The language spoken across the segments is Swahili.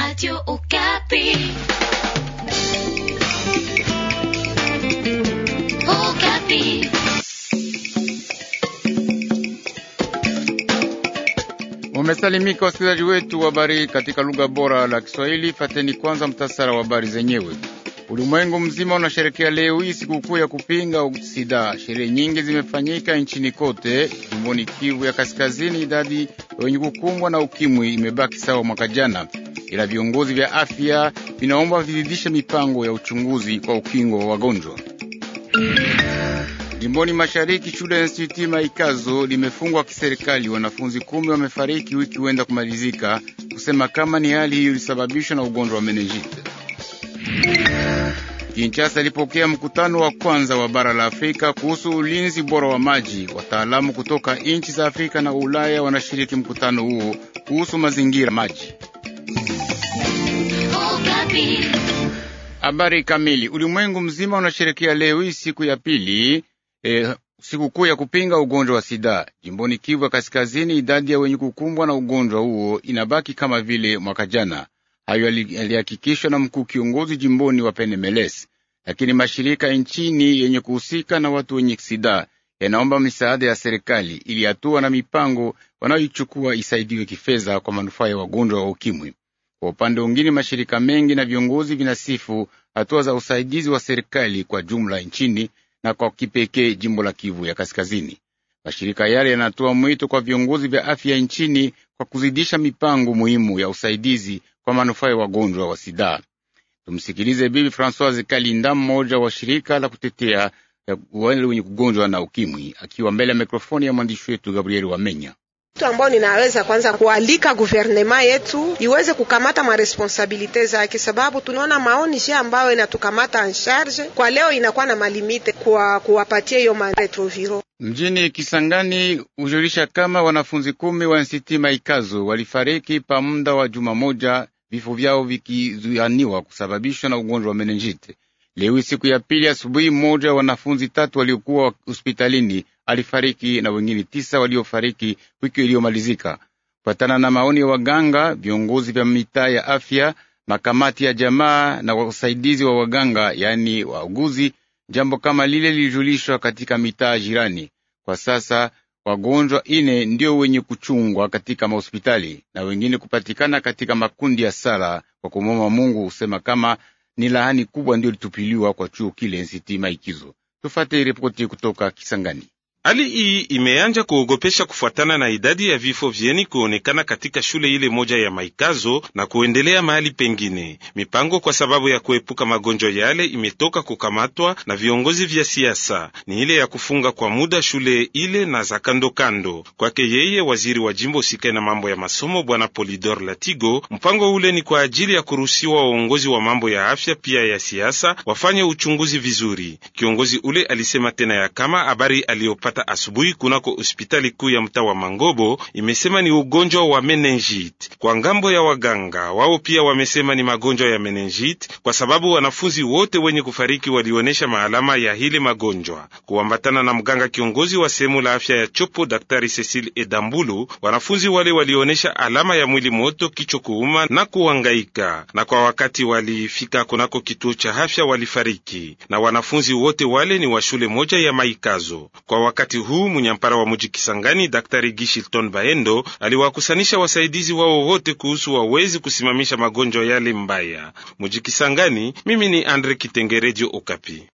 Radio Okapi. Okapi. Umesalimika wasikilizaji wetu wa habari katika lugha bora la Kiswahili. Fateni kwanza mtasara wa habari zenyewe. Ulimwengu mzima unasherekea leo hii sikukuu ya kupinga sida. Sherehe nyingi zimefanyika nchini kote. Jimboni Kivu ya Kaskazini, idadi wenye kukumbwa na ukimwi imebaki sawa mwaka jana ila viongozi vya afya vinaomba vizidishe mipango ya uchunguzi kwa ukingo wa wagonjwa. Jimboni mashariki, shule ya Instituti Maikazo limefungwa kiserikali. Wanafunzi kumi wamefariki wiki huenda kumalizika, kusema kama ni hali hiyo ilisababishwa na ugonjwa wa menejite. Kinshasa ilipokea mkutano wa kwanza wa bara la Afrika kuhusu ulinzi bora wa maji. Wataalamu kutoka nchi za Afrika na Ulaya wanashiriki mkutano huo kuhusu mazingira maji. Habari kamili. Ulimwengu mzima unasherekea leo hii siku ya pili e, eh, sikukuu ya kupinga ugonjwa wa sida. Jimboni Kivu ya Kaskazini, idadi ya wenye kukumbwa na ugonjwa huo inabaki kama vile mwaka jana. Hayo yalihakikishwa na mkuu kiongozi jimboni wa Penemeles, lakini mashirika nchini yenye kuhusika na watu wenye sida yanaomba misaada ya serikali ili hatua na mipango wanayoichukua isaidiwe kifedha kwa manufaa ya wagonjwa wa ukimwi. Kwa upande mwingine, mashirika mengi na viongozi vinasifu hatua za usaidizi wa serikali kwa jumla nchini na kwa kipekee jimbo la Kivu ya Kaskazini. Mashirika yale yanatoa mwito kwa viongozi vya afya nchini kwa kuzidisha mipango muhimu ya usaidizi kwa manufaa ya wagonjwa wa sida. Tumsikilize Bibi Francoise Kalinda, mmoja wa shirika la kutetea eh, wale wenye kugonjwa na ukimwi, akiwa mbele ya mikrofoni ya mwandishi wetu Gabriel Wamenya ambao ninaweza kwanza kualika guvernema yetu iweze kukamata maresponsabilite zake, sababu tunaona maoni je ambayo inatukamata en charge kwa leo inakuwa na malimite kwa kuwapatia hiyo maretroviro. Mjini Kisangani Ujulisha kama wanafunzi kumi wa Nsiti Maikazo walifariki pa muda wa juma moja, vifo vyao vikizuaniwa kusababishwa na ugonjwa wa menenjite. Leo siku ya pili asubuhi, mmoja wa wanafunzi tatu waliokuwa hospitalini alifariki na wengine tisa waliofariki wiki iliyomalizika, kufatana na maoni ya waganga, viongozi vya mitaa ya afya, makamati ya jamaa na wasaidizi wa waganga, yaani wauguzi. Jambo kama lile lilijulishwa katika mitaa jirani. Kwa sasa wagonjwa ine ndio wenye kuchungwa katika mahospitali na wengine kupatikana katika makundi ya sala kwa kumwomba Mungu, husema kama ni lahani kubwa ndio litupiliwa kwa chuo kile Nsitima Ikizo. Tufate ripoti kutoka Kisangani. Hali hii imeanja kuogopesha kufuatana na idadi ya vifo vyeni kuonekana katika shule ile moja ya maikazo na kuendelea mahali pengine. Mipango kwa sababu ya kuepuka magonjwa yale imetoka kukamatwa na viongozi vya siasa, ni ile ya kufunga kwa muda shule ile na za kando kando. Kwake yeye waziri wa jimbo usikae na mambo ya masomo Bwana Polidor Latigo, mpango ule ni kwa ajili ya kuruhusiwa waongozi wa mambo ya afya pia ya siasa wafanye uchunguzi vizuri. Kiongozi ule alisema tena ya kama habari aliyopa yapata asubuhi kunako hospitali kuu ya mtaa wa Mangobo imesema ni ugonjwa wa menenjit. Kwa ngambo ya waganga wao pia wamesema ni magonjwa ya menenjit, kwa sababu wanafunzi wote wenye kufariki walionyesha maalama ya hili magonjwa. Kuambatana na mganga kiongozi wa sehemu la afya ya Chopo, Daktari Cecil Edambulu, wanafunzi wale walionyesha alama ya mwili moto, kicho kuuma na kuangaika na kwa wakati walifika kunako kituo cha afya walifariki, na wanafunzi wote wale ni wa shule moja ya Maikazo kwa Wakati huu munyampara wa muji Kisangani, Daktari Gishilton Baendo aliwakusanisha wasaidizi wao wote kuhusu wawezi kusimamisha magonjwa yale mbaya muji Kisangani. Mimi ni Andre Kitengereji, Okapi.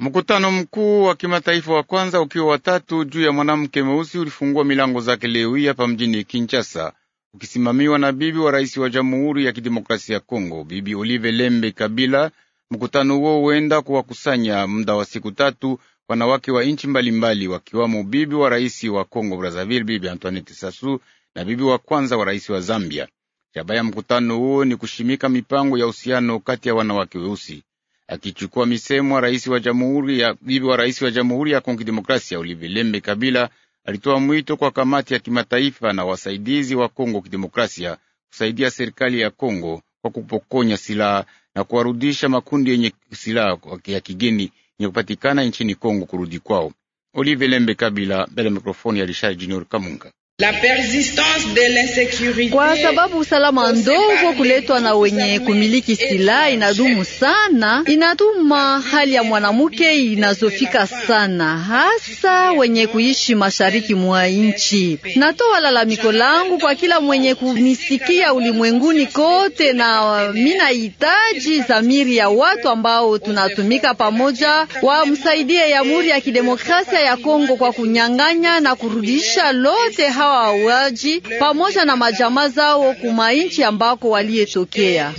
Mkutano mkuu wa kimataifa wa kwanza ukiwa watatu juu ya mwanamke mweusi ulifungua milango zake leo hii hapa mjini Kinshasa, ukisimamiwa na bibi wa rais wa Jamhuri ya Kidemokrasia ya Kongo, Bibi Olive Lembe Kabila. Mkutano huo huenda kuwakusanya muda wa siku tatu wanawake wa nchi mbalimbali, wakiwamo bibi wa rais wa Kongo Brazzaville, bibi Antoinette Sassou na bibi wa kwanza wa rais wa Zambia. Shabaha ya mkutano huo ni kushimika mipango ya uhusiano kati ya wanawake weusi. Akichukua misemo rais wa jamhuri ya bibi wa rais wa jamhuri ya Kongo Kidemokrasia Olivier Lembe Kabila alitoa mwito kwa kamati ya kimataifa na wasaidizi wa Kongo Kidemokrasia kusaidia serikali ya Kongo kwa kupokonya silaha na kuwarudisha makundi yenye silaha ya kigeni yenye kupatikana nchini Kongo kurudi kwao. Olive Lembe Kabila mbele ya mikrofoni ya Richard Junior Kamunga. La persistance de l'insécurité. Kwa sababu usalama ndogo kuletwa na wenye kumiliki silaha inadumu sana, inatuma hali ya mwanamke inazofika sana, hasa wenye kuishi mashariki mwa nchi. Natoa lalamiko langu kwa kila mwenye kunisikia ulimwenguni kote, na minahitaji zamiri ya watu ambao tunatumika pamoja, wamsaidie Jamhuri ya Kidemokrasia ya Kongo kwa kunyang'anya na kurudisha lote hawa wauaji pamoja na majamaa zao kumainchi ambako waliyetokea.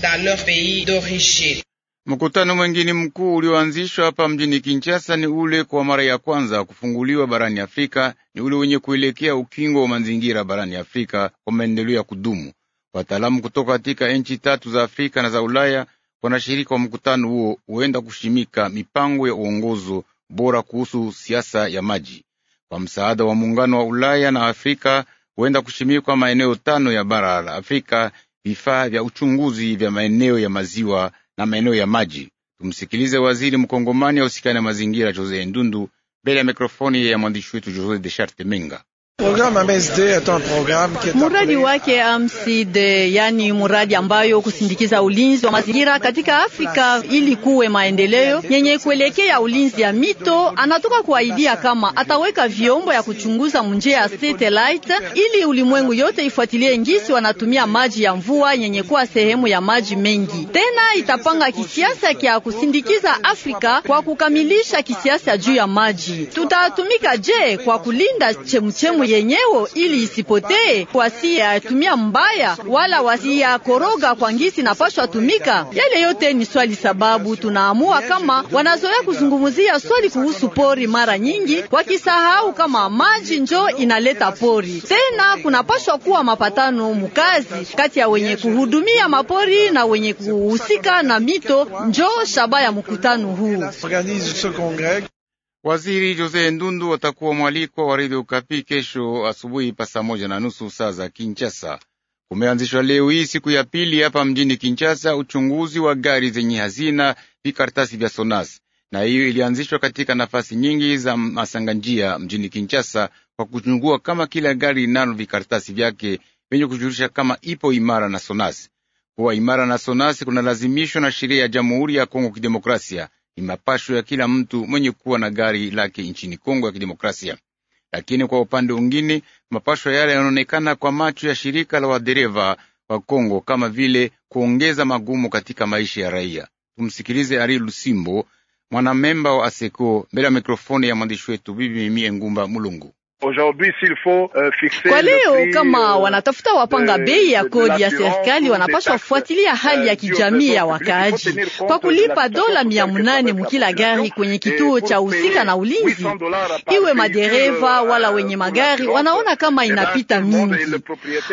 Mkutano mwengine mkuu ulioanzishwa hapa mjini Kinshasa ni ule kwa mara ya kwanza kufunguliwa barani Afrika, ni ule wenye kuelekea ukingo wa mazingira barani Afrika kwa maendeleo ya kudumu. Wataalamu kutoka katika nchi tatu za Afrika na za Ulaya wanashiriki wa mkutano huo, huenda kushimika mipango ya uongozo bora kuhusu siasa ya maji kwa msaada wa muungano wa Ulaya na Afrika huenda kushimikwa maeneo tano ya bara la Afrika vifaa vya uchunguzi vya maeneo ya maziwa na maeneo ya maji. Tumsikilize waziri mkongomani ausikani na mazingira Jose Ndundu mbele ya mikrofoni ya mwandishi wetu Jose de Sharte Menga. Muradi wake amcd yani muradi ambayo kusindikiza ulinzi wa mazingira katika Afrika ili kuwe maendeleo yenye kuelekea ulinzi ya mito. Anatoka kuahidia kama ataweka vyombo ya kuchunguza munjia ya satellite ili ulimwengu yote ifuatilie ngisi wanatumia maji ya mvua yenye kuwa sehemu ya maji mengi. Tena itapanga kisiasa kya kusindikiza Afrika kwa kukamilisha kisiasa juu ya maji. Tutatumika je kwa kulinda chemchemu yenyewe ili isipotee, wasiyatumia mbaya wala wasiyakoroga kwa ngisi napashwa tumika. Yale yote ni swali sababu tunaamua kama wanazoea kuzungumzia swali kuhusu pori mara nyingi, wakisahau kama maji njo inaleta pori. Tena kunapashwa kuwa mapatano mukazi kati ya wenye kuhudumia mapori na wenye kuhusika na mito, njo shaba ya mkutano huu. Waziri Jose Ndundu atakuwa mwalikwa wa Radio Kapi kesho asubuhi pa saa moja na nusu saa za Kinchasa. Kumeanzishwa leo hii siku ya pili hapa mjini Kinchasa uchunguzi wa gari zenye hazina vikaratasi vya Sonasi, na hiyo ilianzishwa katika nafasi nyingi za masanganjia mjini Kinchasa kwa kuchungua kama kila gari linalo vikaratasi vyake vyenye kujulisha kama ipo imara na Sonasi. Kuwa imara na Sonasi kunalazimishwa na sheria ya Jamhuri ya Kongo Kidemokrasia ni mapasho ya kila mtu mwenye kuwa na gari lake nchini Kongo ya Kidemokrasia. Lakini kwa upande mwingine, mapasho yale yanaonekana kwa macho ya shirika la wadereva wa Kongo kama vile kuongeza magumu katika maisha ya raia. Tumsikilize Ari Lusimbo, mwanamemba wa ASECO, mbele ya mikrofoni ya mwandishi wetu Bibi Mimie Ngumba Mulungu. Aujourd'hui, s'il faut, uh, fixer kwa leo kama euh, wanatafuta wapanga bei ya kodi ya serikali wanapaswa kufuatilia euh, hali ya kijamii ya wakaaji kwa kulipa dola mia munane mukila gari kwenye kituo cha husika na ulinzi, iwe madereva wala euh, wenye magari wanaona kama inapita mingi,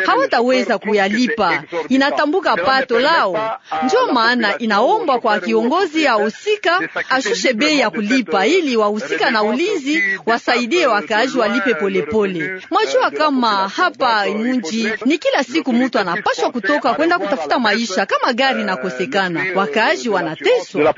hawataweza kuyalipa, inatambuka pato lao. Ndio maana inaomba kwa kiongozi ya husika ashushe bei ya kulipa, ili wahusika na ulinzi wasaidie wakaaji walipe pole polepole. Mwajua eh, kama hapa munji ni kila siku mutu anapashwa kutoka kwenda kutafuta maisha, kama gari eh, inakosekana, wakaaji wanateswa.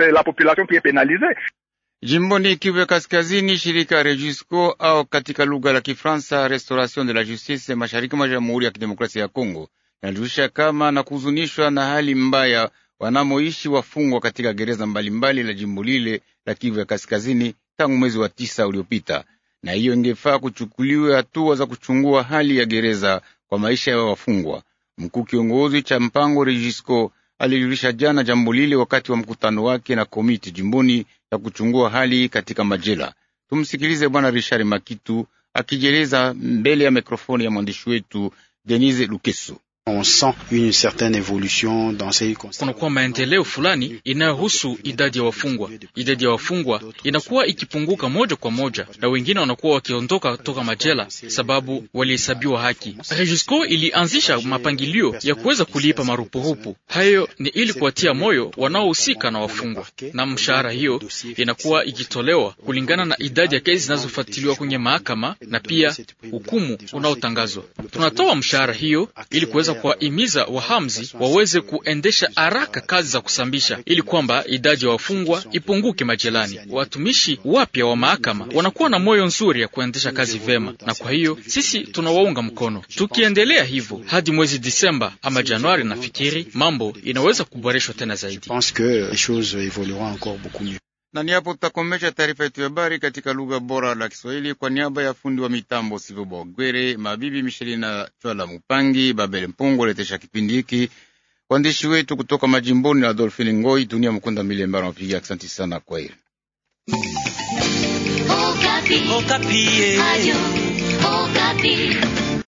Jimboni Kivu Kaskazini, shirika rejisco au katika lugha la Kifransa Restauration de la Justice mashariki mwa Jamhuri ya Kidemokrasia ya Kongo inajulisha kama na kuhuzunishwa na hali mbaya wanamoishi wafungwa katika gereza mbalimbali mbali la jimbo lile la Kivu ya Kaskazini tangu mwezi wa tisa uliopita na hiyo ingefaa kuchukuliwe hatua za kuchungua hali ya gereza kwa maisha ya wafungwa. Mkuu kiongozi cha mpango Regisco alijulisha jana jambo lile wakati wa mkutano wake na komiti jimboni ya kuchungua hali katika majela. Tumsikilize Bwana Richard Makitu akijieleza mbele ya mikrofoni ya mwandishi wetu Denise Lukeso on sent une certaine evolution dans ces kunakuwa maendeleo fulani inayohusu idadi ya wafungwa. Idadi ya wafungwa inakuwa ikipunguka moja kwa moja, na wengine wanakuwa wakiondoka toka majela sababu walihesabiwa haki. Regisco ilianzisha mapangilio ya kuweza kulipa marupurupu hayo, ni ili kuwatia moyo wanaohusika na wafungwa, na mshahara hiyo inakuwa ikitolewa kulingana na idadi ya kesi zinazofuatiliwa kwenye mahakama na pia hukumu unaotangazwa. Tunatoa mshahara hiyo ili kuweza kuwahimiza wahamzi waweze kuendesha haraka kazi za kusambisha ili kwamba idadi ya wafungwa ipunguke majelani. Watumishi wapya wa mahakama wanakuwa na moyo nzuri ya kuendesha kazi vema, na kwa hiyo sisi tunawaunga mkono. Tukiendelea hivyo hadi mwezi Disemba ama Januari, nafikiri mambo inaweza kuboreshwa tena zaidi na ni hapo tutakomesha taarifa yetu ya habari katika lugha bora la Kiswahili. Kwa niaba ya fundi wa mitambo Sivu mabibi mishelina Chwala Mupangi, Babel Mpungu aletesha kipindi hiki, waandishi wetu kutoka majimboni na Adolfine Ngoi, Dunia Mkunda Milembara wapiga. Asante sana kwa hili Okapi. Okapi. Eh.